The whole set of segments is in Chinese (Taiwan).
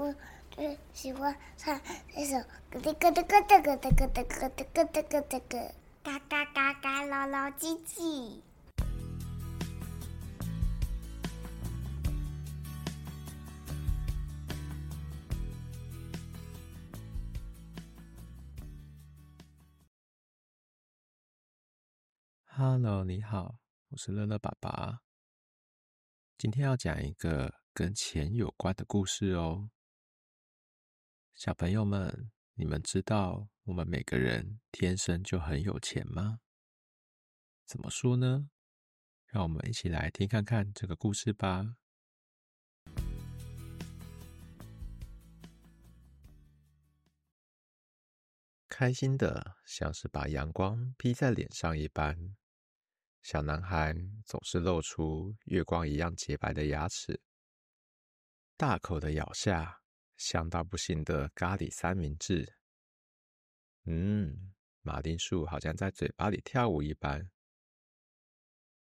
我最喜歡唱那首咯噠咯噠咯噠咯噠咯噠咯噠咯噠咯嘎嘎嘎嘎，老老唧唧。Hello，你好，我是樂樂爸爸。今天要講一個跟錢有關的故事哦。小朋友們，你們知道我們每個人天生就很有錢嗎？怎麼說呢？讓我們一起來聽看看這個故事吧。開心的像是把陽光披在臉上一般，小男孩總是露出月光一樣潔白的牙齒，大口的咬下。香到不行的咖喱三明治，嗯，馬鈴薯好像在嘴巴裡跳舞一般，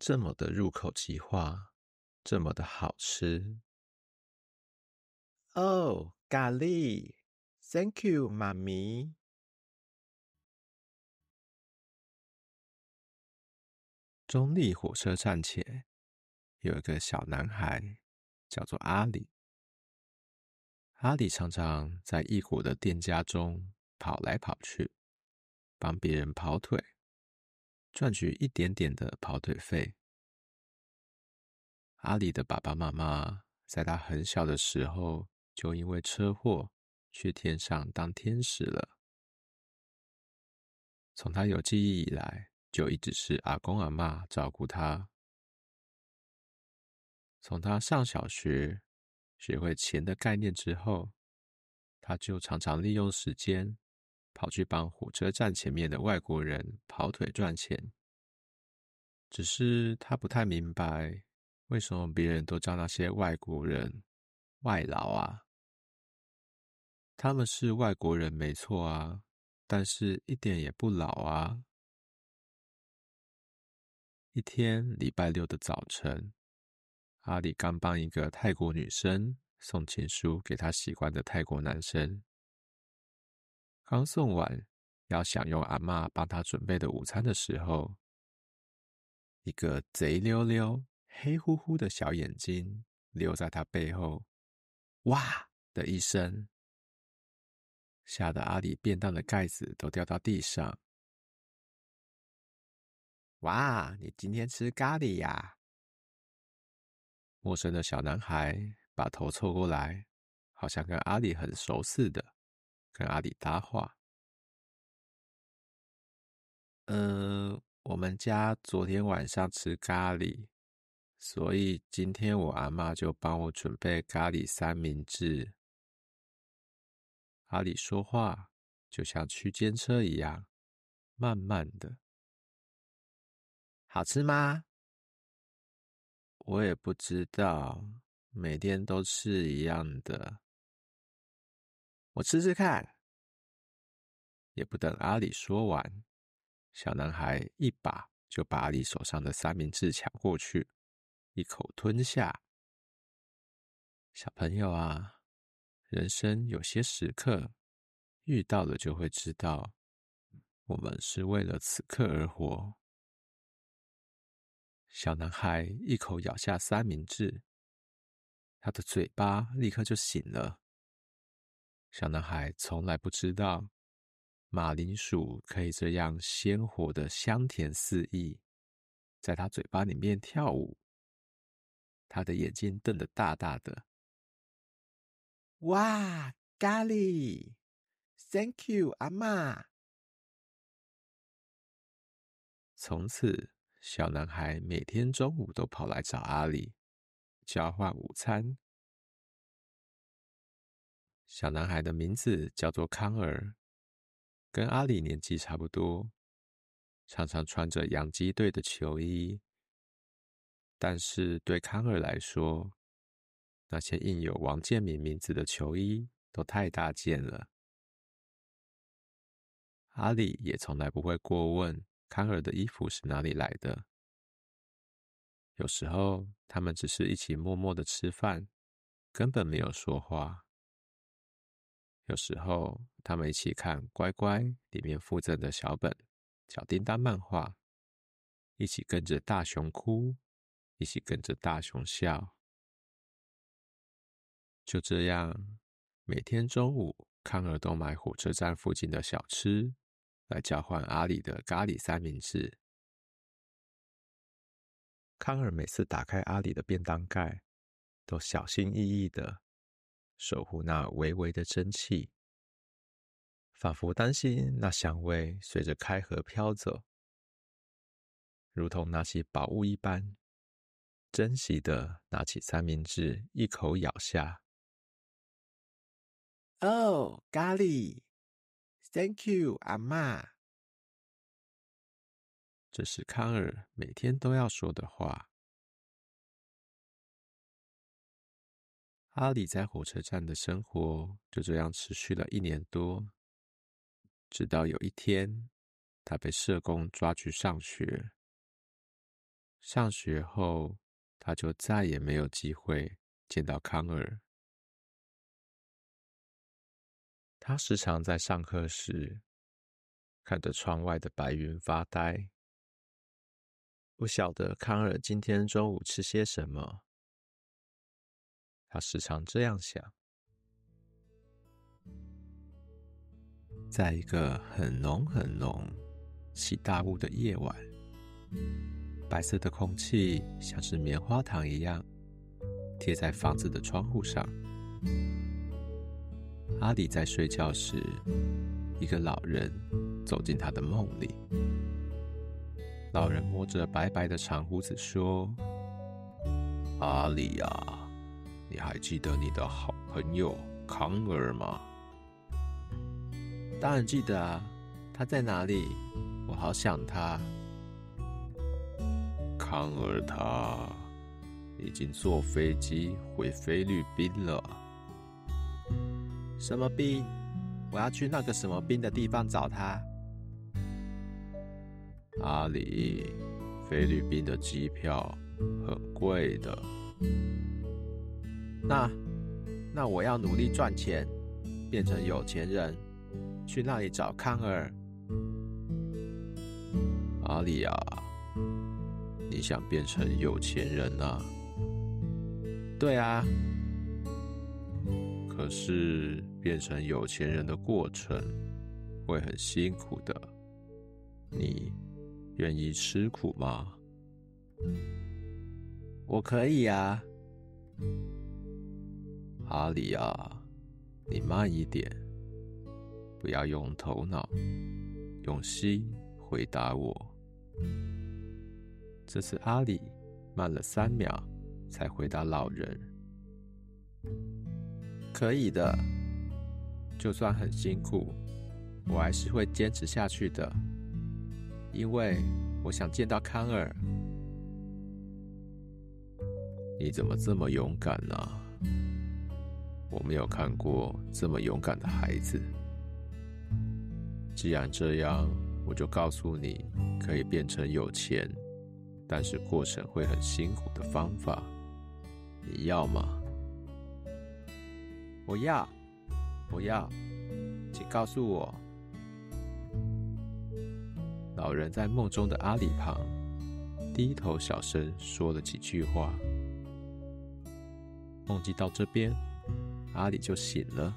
這麼的入口即化，這麼的好吃哦！咖喱，oh，Thank you，媽咪。中立火車站前有一個小男孩，叫做阿里。阿里常常在異國的店家中跑來跑去，幫別人跑腿，賺取一點點的跑腿費。阿里的爸爸媽媽在他很小的時候就因為車禍去天上當天使了。從他有記憶以來，就一直是阿公阿嬤照顧他。從他上小學，學會錢的概念之後，他就常常利用時間跑去幫火車站前面的外國人跑腿賺錢。只是他不太明白，為什麼別人都叫那些外國人“外勞”啊？他們是外國人沒錯啊，但是一點也不老啊。一天禮拜六的早晨。阿里剛幫一個泰國女生送情書給她喜歡的泰國男生，剛送完要享用阿媽幫他準備的午餐的時候，一個賊溜溜、黑乎乎的小眼睛留在他背後，哇的一聲，嚇得阿里便當的蓋子都掉到地上。哇，你今天吃咖喱呀？陌生的小男孩把頭湊過來，好像跟阿里很熟似的，跟阿里搭話。嗯，我們家昨天晚上吃咖喱，所以今天我阿嬤就幫我準備咖喱三明治。阿里說話就像區間車一樣，慢慢的。好吃嗎？我也不知道，每天都吃一樣的。我吃吃看。也不等阿里說完，小男孩一把就把阿里手上的三明治搶過去，一口吞下。小朋友啊，人生有些時刻，遇到了就會知道，我們是為了此刻而活。小男孩一口咬下三明治，他的嘴巴立刻就醒了。小男孩從來不知道馬鈴薯可以這樣鮮活的香甜四溢，在他嘴巴裡面跳舞。他的眼睛瞪得大大的，哇！咖喱，Thank you，阿嬤。從此。小男孩每天中午都跑來找阿里交換午餐。小男孩的名字叫做康爾，跟阿里年紀差不多，常常穿着洋基隊的球衣。但是對康爾來說，那些印有王建民名字的球衣都太大件了。阿里也從來不會過問。康兒的衣服是哪裡來的？有時候他們只是一起默默的吃飯，根本沒有說話。有時候他們一起看《乖乖》裡面附贈的小本《小叮當》漫畫，一起跟着大熊哭，一起跟着大熊笑。就這樣，每天中午，康兒都買火車站附近的小吃。來交換阿里的咖喱三明治。康爾每次打開阿里的便當蓋，都小心翼翼的守護那微微的蒸汽，仿佛擔心那香味隨着開合飄走，如同拿起寶物一般，珍惜的拿起三明治一口咬下。哦，咖喱！Thank you，阿媽。這是康兒每天都要說的話。阿里在火車站的生活就這樣持續了一年多，直到有一天，他被社工抓去上學。上學後，他就再也沒有機會見到康兒。他時常在上課時看着窗外的白雲發呆。不曉得康爾今天中午吃些什麼，他時常這樣想。在一個很濃很濃、起大霧的夜晚，白色的空氣像是棉花糖一樣貼在房子的窗戶上。阿里在睡覺時，一個老人走進他的夢裡。老人摸着白白的長鬍子說：“阿里啊，你還記得你的好朋友康兒嗎？”“當然記得啊，他在哪裡？我好想他。康他”“康兒，他已經坐飛機回菲律賓了。”什麼兵？我要去那個什麼兵的地方找他。阿里，菲律賓的機票很貴的。那，那我要努力賺錢，變成有錢人，去那裡找康兒。阿里啊，你想變成有錢人啊？對啊。可是。變成有錢人的過程會很辛苦的，你願意吃苦嗎？我可以呀、啊，阿里啊，你慢一點，不要用頭腦，用心回答我。這次阿里慢了三秒才回答老人，可以的。就算很辛苦，我還是會堅持下去的，因為我想見到康兒。你怎麼這麼勇敢呢、啊？我沒有看過這麼勇敢的孩子。既然這樣，我就告訴你可以變成有錢，但是過程會很辛苦的方法。你要嗎？我要。不要，請告訴我。老人在夢中的阿里旁低頭小聲說了幾句話。夢境到這邊，阿里就醒了。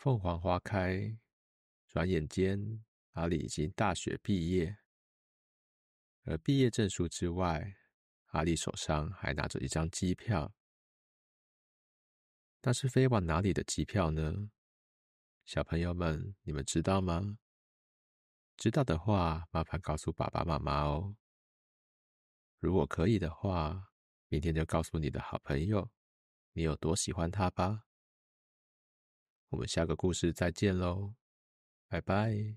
鳳凰花開，轉眼間，阿里已經大學畢業。而畢業證書之外，阿里手上還拿着一張機票。但是飛往哪裡的機票呢？小朋友們，你們知道嗎？知道的話，麻煩告訴爸爸媽媽哦。如果可以的話，明天就告訴你的好朋友，你有多喜歡他吧。我們下個故事再見嘍，拜拜。